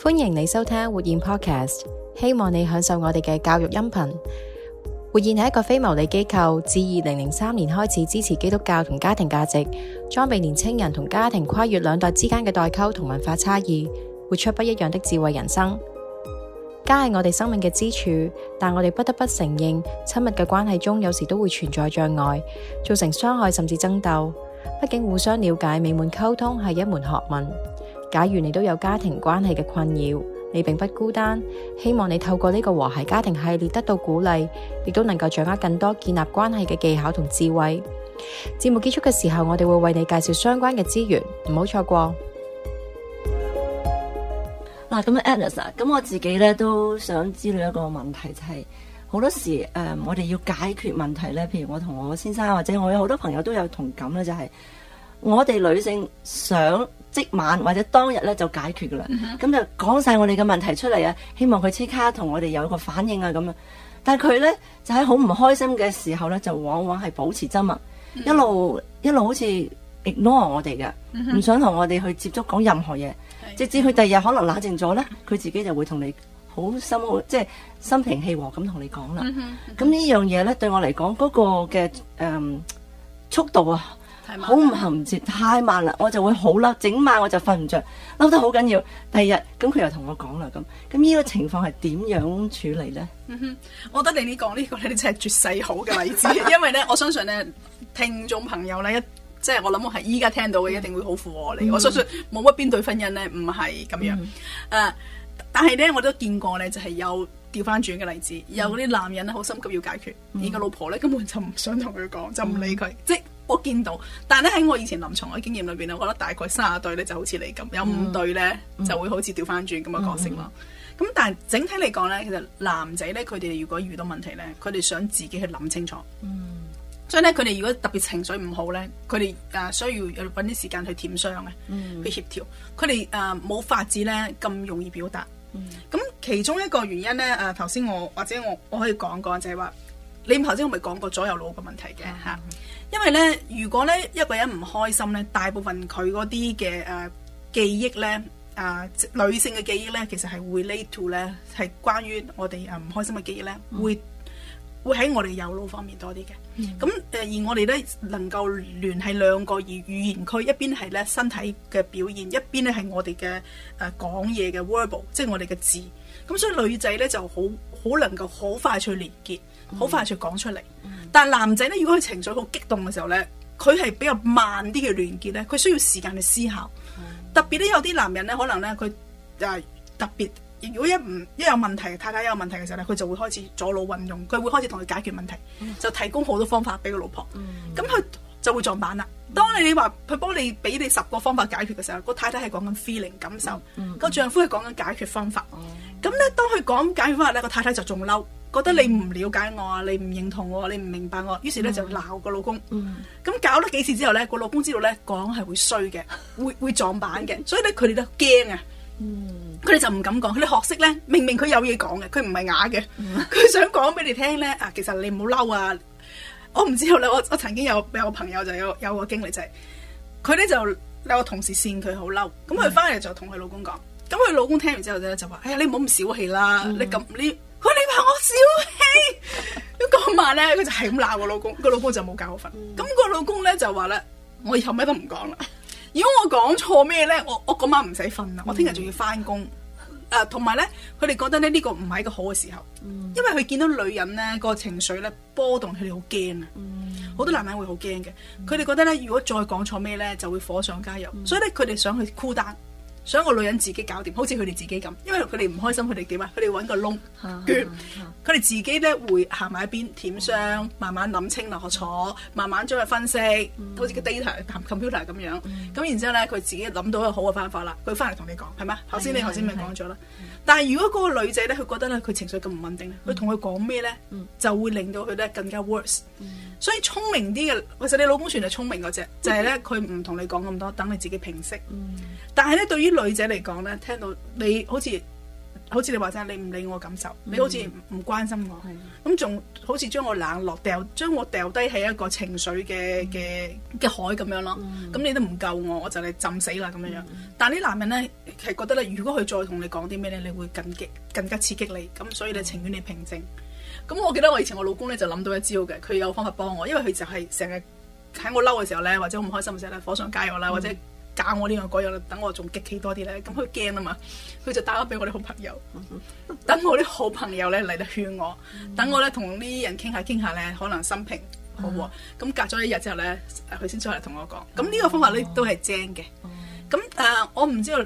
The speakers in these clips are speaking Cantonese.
歡迎你收聽活現 Podcast，希望你享受我哋嘅教育音頻。活現係一個非牟利機構，自二零零三年開始支持基督教同家庭價值，裝備年青人同家庭跨越兩代之間嘅代溝同文化差異，活出不一樣的智慧人生。家係我哋生命嘅支柱，但我哋不得不承認，親密嘅關係中有時都會存在障礙，造成傷害甚至爭鬥。畢竟互相了解、美滿溝通係一門學問。假如你都有家庭關係嘅困擾，你並不孤單。希望你透過呢個和諧家庭系列得到鼓勵，亦都能夠掌握更多建立關係嘅技巧同智慧。節目結束嘅時候，我哋會為你介紹相關嘅資源，唔好錯過。嗱，咁 Anna 啊，咁我自己咧都想知道一個問題，就係好多時誒，嗯，我哋要解決問題咧，譬如我同我先生，或者我有好多朋友都有同感咧，就係我哋女性想。即晚或者當日咧就解決噶啦，咁、嗯、哼就講晒我哋嘅問題出嚟啊，希望佢即刻同我哋有一個反應啊咁樣。但係佢咧就喺好唔開心嘅時候咧，就往往係保持沉默、嗯，一路一路好似 ignore 我哋嘅，唔、嗯、哼想同我哋去接觸，講任何嘢。嗯、哼直至佢第二日可能冷靜咗咧，佢、嗯、哼自己就會同你好心即係、就是、心平氣和咁同你講啦。咁、嗯、哼呢樣嘢咧對我嚟講嗰個嘅誒速度啊。嗯嗯嗯嗯嗯嗯嗯好唔銜接，太慢啦，我就會好嬲，整晚我就瞓唔着，嬲得好緊要。第二日，咁佢又同我講啦，咁咁呢個情況係點樣處理呢？嗯、我覺得你呢講呢個咧，真係絕世好嘅例子， 因為咧，我相信咧，聽眾朋友咧，一即係我諗我係依家聽到嘅，嗯、一定會好符合你。嗯、我相信冇乜邊對婚姻咧，唔係咁樣。誒、嗯啊，但係咧，我都見過咧，就係有調翻轉嘅例子，有啲男人咧好心急要解決，嗯、而個老婆咧根本就唔想同佢講，就唔理佢，即我見到，但係咧喺我以前臨牀嘅經驗裏邊咧，我覺得大概卅對咧就好似你咁，有五對咧就會好似掉翻轉咁嘅角色咯。咁、mm hmm. 但係整體嚟講咧，其實男仔咧佢哋如果遇到問題咧，佢哋想自己去諗清楚。嗯、mm。Hmm. 所以咧，佢哋如果特別情緒唔好咧，佢哋啊需要有搵啲時間去舔傷嘅，mm hmm. 去協調。佢哋啊冇法子咧咁容易表達。嗯、mm。咁、hmm. 其中一個原因咧，誒頭先我或者我我可以講講、就是，就係話你頭先我咪講過左右腦嘅問題嘅嚇。Mm hmm. uh, 因為咧，如果咧一個人唔開心咧，大部分佢嗰啲嘅誒記憶咧，啊、呃、女性嘅記憶咧，其實係會 lead to 咧係關於我哋誒唔開心嘅記憶咧，會會喺我哋右腦方面多啲嘅。咁誒、嗯、而我哋咧能夠聯繫兩個語語言區，一邊係咧身體嘅表現，一邊咧係我哋嘅誒講嘢嘅 verbal，即係我哋嘅字。咁所以女仔咧就好好能夠好快去連結，好快去講出嚟。嗯但係男仔咧，如果佢情緒好激動嘅時候咧，佢係比較慢啲嘅連結咧，佢需要時間去思考。特別咧，有啲男人咧，可能咧佢誒特別，如果一唔一有問題，太太一有問題嘅時候咧，佢就會開始左腦運用，佢會開始同佢解決問題，就提供好多方法俾個老婆。咁佢就會撞板啦。當你話佢幫你俾你十個方法解決嘅時候，個太太係講緊 feeling 感受，個丈夫係講緊解決方法。咁咧，當佢講解決方法咧，個太太就仲嬲。覺得你唔了解我啊，你唔認同我，你唔明白我，於是咧就鬧個老公。咁搞咗幾次之後咧，個老公知道咧講係會衰嘅，會會撞板嘅，所以咧佢哋都驚啊。佢哋、嗯、就唔敢講，佢哋學識咧，明明佢有嘢講嘅，佢唔係啞嘅，佢、嗯、想講俾你聽咧啊。其實你唔好嬲啊，我唔知道咧。我我曾經有有個朋友就有有個經歷就係、是，佢咧就有個同事扇佢好嬲，咁佢翻嚟就同佢老公講，咁佢老公聽完之後咧就話：哎呀，你唔好咁小氣啦，你咁你。小氣，咁 嗰晚咧，佢就係咁鬧個老公，個老公就冇教我瞓。咁個老公咧就話咧，我以後咩都唔講啦。 如果我講錯咩咧，我我嗰晚唔使瞓啦，我聽日仲要返工。誒、嗯，同埋咧，佢哋覺得咧呢、呢個唔係一個好嘅時候，嗯、因為佢見到女人咧、嗰個情緒咧波動，佢哋好驚啊。好、嗯、多男人會好驚嘅，佢哋、嗯、覺得咧，如果再講錯咩咧，就會火上加油，嗯、所以咧佢哋想去苦打。想個女人自己搞掂，好似佢哋自己咁，因為佢哋唔開心，佢哋點啊？佢哋搵個窿，佢哋自己咧會行埋一邊，舔傷，慢慢諗清落坐，慢慢將佢分析，好似個 data、computer 咁樣。咁然之後咧，佢自己諗到一個好嘅方法啦，佢翻嚟同你講，係嘛？頭先你頭先咪講咗啦。但係如果個女仔咧，佢覺得咧佢情緒咁唔穩定，佢同佢講咩咧，就會令到佢咧更加 worse。所以聰明啲嘅，或者你老公算係聰明只，就係咧佢唔同你講咁多，等你自己平息。但係咧，對於，女仔嚟講咧，聽到你好似好似你話齋，你唔理我感受，嗯、你好似唔關心我，咁仲的好似將我冷落掉，將我掉低喺一個情緒嘅嘅嘅海咁樣咯，咁、嗯、你都唔救我，我就嚟浸死啦咁樣樣。嗯、但係啲男人咧係覺得咧，如果佢再同你講啲咩咧，你會更激，更加刺激你，咁所以你情願你平靜。咁、嗯、我記得我以前我老公咧就諗到一招嘅，佢有方法幫我，因為佢就係成日喺我嬲嘅時候咧，或者好唔開心嘅時候咧，火上加油啦，或者。教我呢樣嗰樣啦，等我仲激氣多啲咧，咁佢驚啊嘛，佢就打咗俾我啲好朋友，等我啲好朋友咧嚟到勸我，等、嗯、我咧同呢啲人傾下傾下咧，可能心平好，好，咁、嗯、隔咗一日之後咧，佢先出嚟同我講，咁呢個方法咧都係正嘅，咁誒，我唔知道，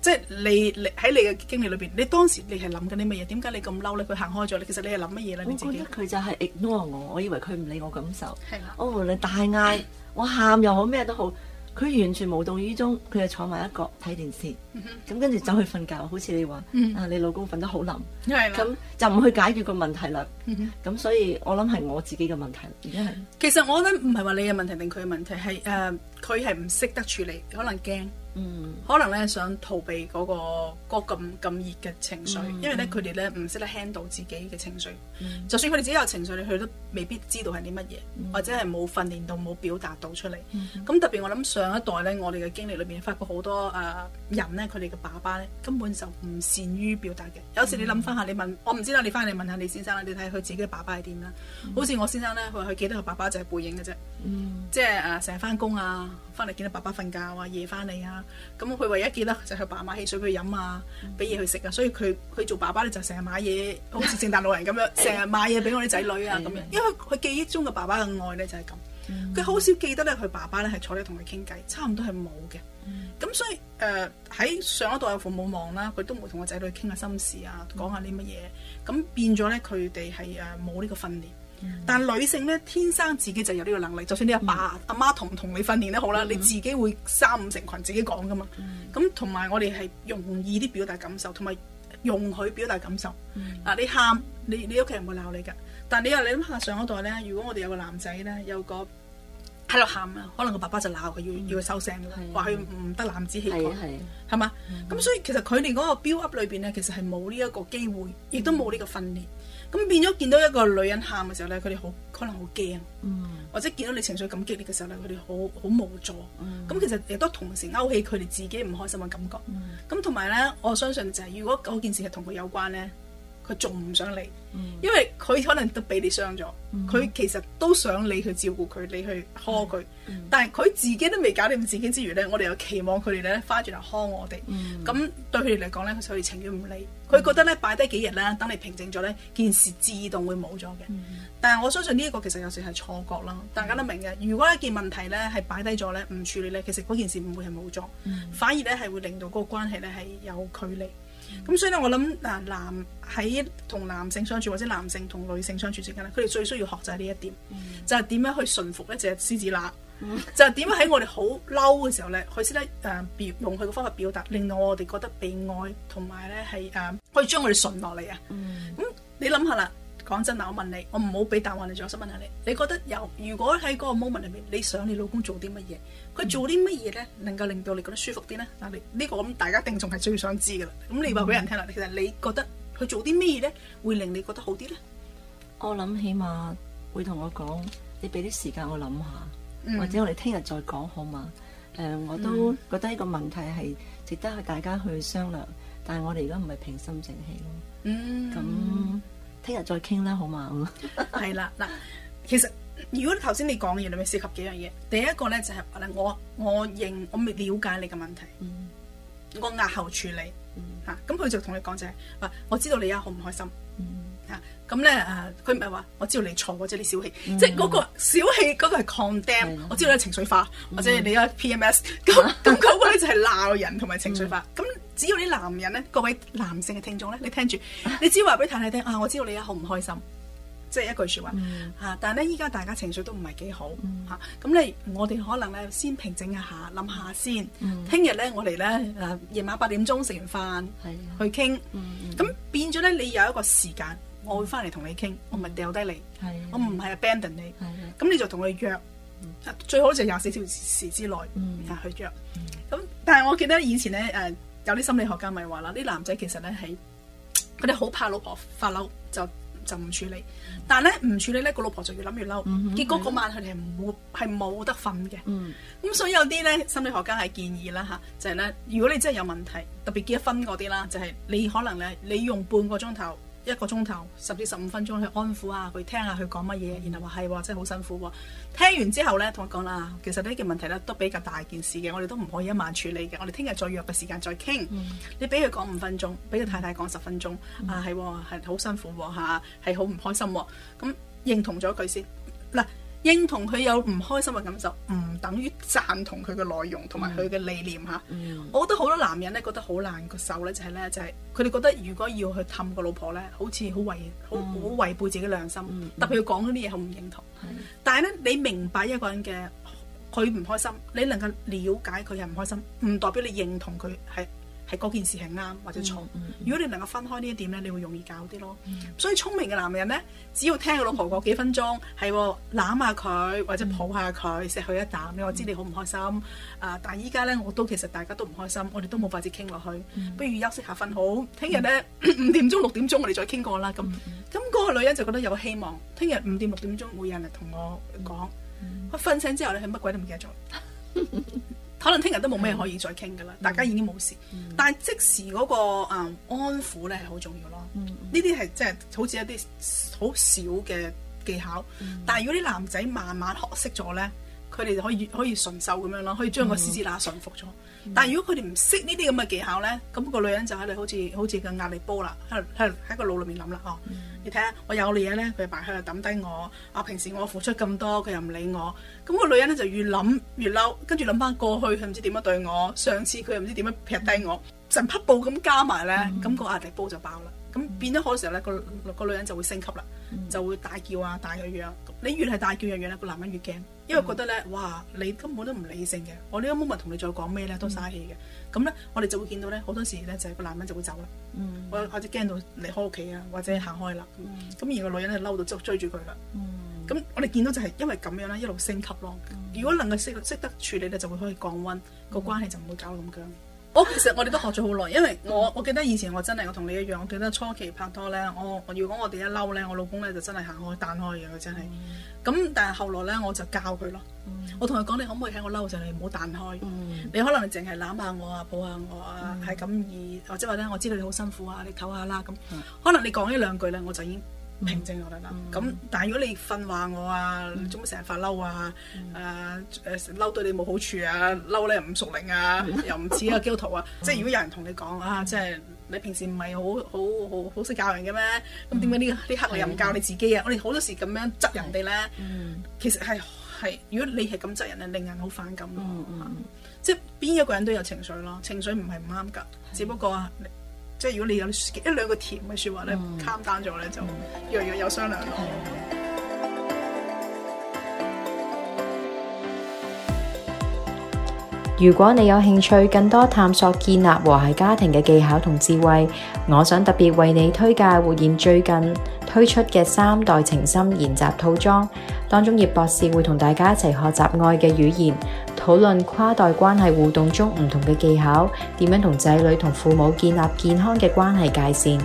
即係你喺你嘅經歷裏邊，你當時你係諗緊啲乜嘢？點解你咁嬲咧？佢行開咗咧，其實你係諗乜嘢咧？你自己佢就係 ignore 我，我以為佢唔理我感受，我無論大嗌，我喊又好，咩都好。佢完全無動於衷，佢就坐埋一角睇電視，咁、嗯、哼跟住走去瞓覺，好似你話，嗯、哼啊你老公瞓得好腍，咁的就唔去解決個問題啦。咁、嗯、哼所以我諗係我自己嘅問題。而家係，其實我覺得唔係話你嘅問題定佢嘅問題，係誒佢係唔識得處理，可能驚。嗯，可能咧想逃避嗰、嗰個咁咁熱嘅情緒，嗯、因為咧佢哋咧唔識得 handle 自己嘅情緒，嗯、就算佢哋自己有情緒，佢都未必知道係啲乜嘢，嗯、或者係冇訓練到冇表達到出嚟。咁、嗯、特別我諗上一代咧，我哋嘅經歷裏面發，發覺好多誒人咧，佢哋嘅爸爸咧根本就唔善於表達嘅。有時你諗翻下，你問我唔知啦，你翻嚟問下李先生啦，你睇佢自己嘅爸爸係點啦。嗯、好似我先生咧，佢佢記得個爸爸就係背影嘅啫，嗯、即係誒成日翻工啊，翻嚟見到爸爸瞓覺啊，夜翻嚟啊。咁佢唯一記得，就係佢爸買汽水俾佢飲啊，俾嘢佢食啊，所以佢佢做爸爸咧就成日買嘢，好似聖誕老人咁樣，成日買嘢俾我啲仔女啊咁樣。因為佢記憶中嘅爸爸嘅愛咧就係咁，佢好少記得咧佢爸爸咧係坐喺度同佢傾偈，差唔多係冇嘅。咁所以誒喺、呃、上一代我父母忙啦，佢都冇同個仔女傾下心事啊，講下啲乜嘢。咁變咗咧，佢哋係誒冇呢個訓練。但女性咧天生自己就有呢個能力，就算你阿爸阿媽、嗯、同唔同你訓練都好啦，嗯、你自己會三五成群自己講噶嘛。咁同埋我哋係容易啲表達感受，同埋容許表達感受。嗱、嗯啊，你喊你你屋企人唔會鬧你噶，但你又你諗下上一代咧，如果我哋有個男仔咧，有個，喺度喊啊！可能個爸爸就鬧佢，要、嗯、要佢收聲咯，話佢唔得男子氣概，係嘛？咁吧、嗯、所以其實佢哋嗰個 build up 裏邊咧，其實係冇呢一個機會，亦都冇呢個訓練。咁變咗見到一個女人喊嘅時候咧，佢哋好可能好驚，嗯、或者見到你情緒咁激烈嘅時候咧，佢哋好好無助。咁、嗯、其實亦都同時勾起佢哋自己唔開心嘅感覺。咁同埋咧，我相信就係如果嗰件事係同佢有關咧。佢仲唔想理，因為佢可能都俾你傷咗，佢、嗯、其實都想你去照顧佢，你去呵佢，嗯、但係佢自己都未搞掂自己之餘呢，我哋又期望佢哋咧返轉嚟呵我哋，咁、嗯、對佢哋嚟講咧，所以情願唔理，佢覺得呢，擺低幾日咧，等你平靜咗呢件事自動會冇咗嘅。嗯、但係我相信呢一個其實有時係錯覺啦，大家都明嘅。如果一件問題呢係擺低咗呢，唔處理呢，其實嗰件事唔會係冇咗，嗯、反而呢係會令到嗰個關係呢係有距離。咁、mm hmm. 所以咧，我諗嗱，男喺同男性相處或者男性同女性相處之間咧，佢哋最需要學習呢一點，mm hmm. 就係點樣去馴服一隻獅子乸，mm hmm. 就係點樣喺我哋好嬲嘅時候咧，佢先得誒用佢嘅方法表達，令到我哋覺得被愛，同埋咧係誒可以將我哋馴落嚟啊！咁、mm hmm. 嗯、你諗下啦。講真嗱，我問你，我唔好俾答案你。仲有，想問下你，你覺得有？如果喺嗰個 moment 裏面，你想你老公做啲乜嘢？佢做啲乜嘢咧，能夠令到你覺得舒服啲咧？嗱，你呢個咁，大家一定仲係最想知噶啦。咁你話俾人聽啦。其實你覺得佢做啲咩嘢咧，會令你覺得好啲咧？我諗起碼會同我講，你俾啲時間我諗下，或者我哋聽日再講好嘛？誒，我都覺得呢個問題係值得大家去商量，但係我哋而家唔係平心靜氣咯。嗯，咁。聽日再傾啦，好嘛？係啦，嗱，其實如果你頭先你講嘅嘢，你咪涉及幾樣嘢。第一個咧就係，我我認我未了解你嘅問題，我壓後處理吓。咁佢就同你講就係，唔，我知道你啊好唔開心吓。咁咧誒，佢唔係話我知道你錯，或者你小氣，即係嗰個小氣嗰個係 condemn。我知道你情緒化，或者你啊 PMS。咁咁嗰個咧就係鬧人同埋情緒化咁。只要你男人咧，各位男性嘅聽眾咧，你聽住，你只話俾太太聽啊，我知道你啊好唔開心，即係一句說話吓。但係咧，依家，大家情緒都唔係幾好吓。咁你我哋可能咧先平靜一下，諗下先。聽日咧，我哋咧，夜晚八點鐘食完飯去傾。咁變咗咧，你有一個時間，我會翻嚟同你傾，我咪掉低你，我唔係 abandon 你。咁你就同佢約，最好就廿四小時之內去約。咁但係我記得以前咧誒。有啲心理學家咪話啦，啲男仔其實咧係佢哋好怕老婆發嬲，就就唔處理。但係咧唔處理咧，個老婆就越諗越嬲，嗯、哼結果嗰晚佢哋係冇係冇得瞓嘅。咁、嗯、所以有啲咧心理學家係建議啦嚇，就係、是、咧如果你真係有問題，特別結咗婚嗰啲啦，就係、是、你可能咧你用半個鐘頭。一個鐘頭，十至十五分鐘去安撫啊，佢聽下佢講乜嘢，然後話係喎，真係好辛苦喎、啊。聽完之後呢，同我講啦，其實呢件問題呢，都比較大件事嘅，我哋都唔可以一晚處理嘅，我哋聽日再約個時間再傾。嗯、你俾佢講五分鐘，俾佢太太講十分鐘，啊係係好辛苦喎、啊、嚇，係好唔開心喎、啊。咁認同咗佢先嗱。認同佢有唔開心嘅感受，唔、嗯、等於贊同佢嘅內容同埋佢嘅理念嚇。Mm hmm. 我覺得好多男人咧覺得好難個手咧，就係、是、咧就係佢哋覺得如果要去氹個老婆咧，好似、mm hmm. 好違好好違背自己良心，mm hmm. 特別佢講啲嘢我唔認同。Mm hmm. 但係咧你明白一個人嘅佢唔開心，你能夠了解佢係唔開心，唔代表你認同佢係，係嗰件事係啱或者錯，嗯嗯、如果你能夠分開呢一點咧，你會容易搞啲咯。嗯、所以聰明嘅男人咧，只要聽個老婆講幾分鐘，係攬下佢或者抱下佢，錫佢一啖你，嗯、我知你好唔開心。啊、呃！但係依家咧，我都其實大家都唔開心，我哋都冇法子傾落去。嗯、不如休息下，瞓好。聽日咧五點鐘六點鐘，嗯、 我哋再傾過啦。咁咁嗰個女人就覺得有希望。聽日五點六點鐘，有人嚟同我講，我瞓醒之後，你係乜鬼都唔記得咗。 可能聽日都冇咩可以再傾嘅啦，嗯、大家已經冇事。嗯、但係即時嗰、嗰個、嗯、安撫咧係好重要咯，呢啲係即係好似一啲好少嘅技巧。嗯、但係如果啲男仔慢慢學識咗咧。佢哋就可以可以順受咁樣咯，可以將個獅子乸馴服咗。嗯嗯、但係如果佢哋唔識呢啲咁嘅技巧咧，咁、那個女人就喺度好似好似個壓力煲啦，喺度喺個腦裏面諗啦哦。嗯、你睇下，我有嘅嘢咧，佢又擺喺度抌低我。啊，平時我付出咁多，佢又唔理我。咁、那個女人咧就越諗越嬲，跟住諗返過去佢唔知點樣對我，上次佢又唔知點樣劈低我，成、嗯、匹布咁加埋咧，咁、那個壓力煲就爆啦。咁變咗好嘅時候咧，個、那個女人就會升級啦，嗯、就會大叫啊、大樣樣、啊。你越係大叫樣樣咧，個男人越驚，因為覺得咧，嗯、哇！你根本都唔理性嘅。我呢個 moment 同你再講咩咧，都嘥氣嘅。咁咧，我哋就會見到咧，好多時咧就係、是、個男人就會走啦。我我哋驚到離開屋企啊，或者行開啦。咁而個女人就嬲到追住佢啦。咁、嗯、我哋見到就係因為咁樣啦，一路升級咯。嗯、如果能夠識識得處理咧，就會可以降溫，個、嗯、關係就唔會搞到咁僵。我、oh, 其實我哋都學咗好耐，因為我我記得以前我真係我同你一樣，我記得初期拍拖咧，我，我如果我哋一嬲咧，我老公咧就真係行開彈開嘅，佢真係。咁、嗯、但係後來咧，我就教佢咯，嗯、我同佢講，你可唔可以喺我嬲嘅時候唔好彈開，嗯、你可能淨係攬下我啊，抱下我啊，係咁易或者話咧，我知道你好辛苦啊，你唞下啦咁，可能你講呢兩句咧，我就已經。平靜我得啦，咁但係如果你訓話我啊，做乜成日發嬲啊？誒誒，嬲對你冇好處啊，嬲你又唔熟靈啊，又唔似個基督徒啊。即係如果有人同你講啊，即係你平時唔係好好好好識教人嘅咩？咁點解呢呢刻你又唔教你自己啊？我哋好多時咁樣窒人哋咧，其實係係，如果你係咁窒人咧，令人好反感嘅。即係邊一個人都有情緒咯，情緒唔係唔啱㗎，只不過啊。即係如果你有一兩個甜嘅説話咧，攤單咗咧，就樣樣有商量咯。如果你有興趣更多探索建立和諧家庭嘅技巧同智慧，我想特別為你推介活現最近推出嘅三代情深研習套裝，當中葉博士會同大家一齊學習愛嘅語言。討論跨代關係互動中唔同嘅技巧，點樣同仔女同父母建立健康嘅關係界線。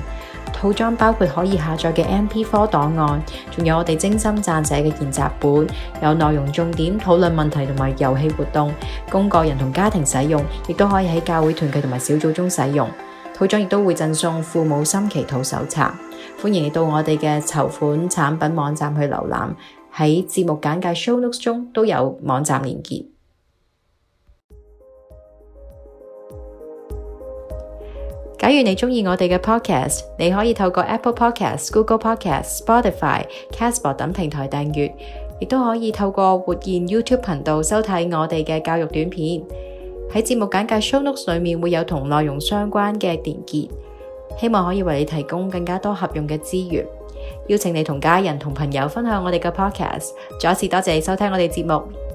套裝包括可以下載嘅 MP4 檔案，仲有我哋精心撰寫嘅練習本，有內容重點討論問題同埋遊戲活動，供個人同家庭使用，亦都可以喺教會團契同埋小組中使用。套裝亦都會贈送父母心祈禱手冊。歡迎嚟到我哋嘅籌款產品網站去瀏覽，喺節目簡介 show notes 中都有網站鏈接假如你中意我哋嘅 podcast，你可以透過 Apple Podcast、Google Podcast、Spotify、Casper 等平台訂閱，亦都可以透過活現 YouTube 頻道收睇我哋嘅教育短片。喺節目簡介 show notes 裏面會有同內容相關嘅連結，希望可以為你提供更加多合用嘅資源。邀請你同家人同朋友分享我哋嘅 podcast。再一次多謝你收聽我哋節目。